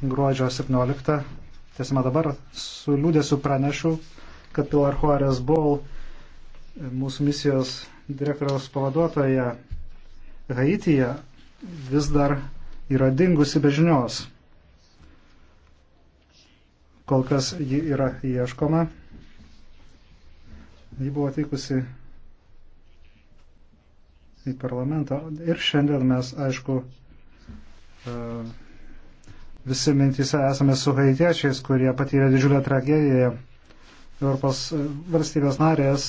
gruodžio 17. Tiesama dabar su liūdėsiu pranešu, kad Pilar Juarez Bol, mūsų misijos direktoriaus pavaduotoja Haityje, vis dar yra dingusi be žinios. Kol kas ji yra ieškoma. Ji buvo atvykusi į parlamentą ir šiandien mes, aišku, uh, visi mintise esame su haitiečiais, kurie patyrė didžiulę tragediją. Europos e, valstybės narės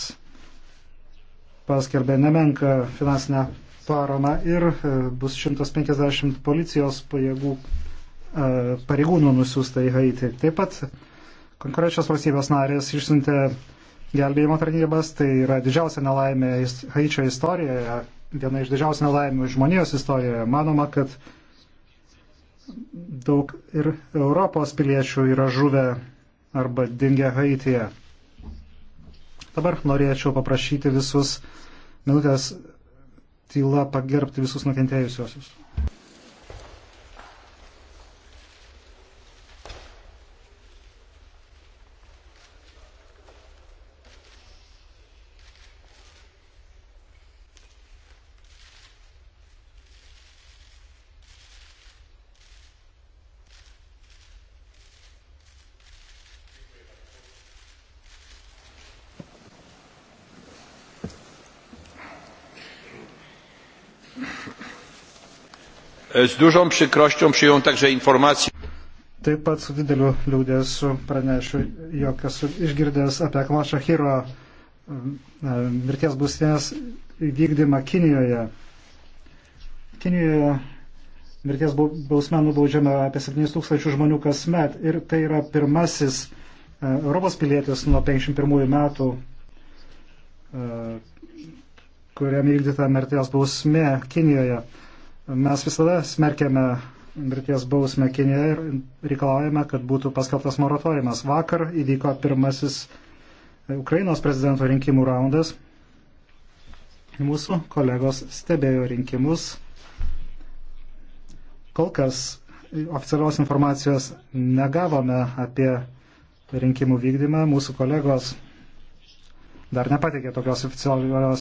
paskelbė nemenką finansinę paramą ir e, bus 150 policijos pajėgų e, pareigūnų nusiųsta į Haitį. Taip pat konkrečios valstybės narės išsiuntė gelbėjimo tarnybas, tai yra didžiausia nelaimė Haičio istorijoje, viena iš didžiausių nelaimių žmonijos istorijoje. Manoma, kad daug ir Europos piliečių yra žuvę arba dingę Haityje. Dabar norėčiau paprašyti visus minutės tyla pagerbti visus nukentėjusiosius. Z dużą przykrością przyjął także informację. Taip pat su dideliu liūdėsiu pranešiu, jog esu išgirdęs apie Akmal Šahiro e, mirties būstinės vykdymą Kinijoje. Kinijoje mirties bausme nubaudžiama apie 7 tūkstančių žmonių kasmet ir tai yra pirmasis e, Europos pilietis nuo 51 metų, e, kuriam įvykdyta mirties bausmė Kinijoje. Mes visada smerkėme mirties bausmę Kinijoje ir reikalavome, kad būtų paskelbtas moratoriumas. Vakar įvyko pirmasis e, Ukrainos prezidento rinkimų raundas. Mūsų kolegos stebėjo rinkimus. Kol kas e, oficialios informacijos negavome apie rinkimų vykdymą. Mūsų kolegos dar nepatikė tokios oficialios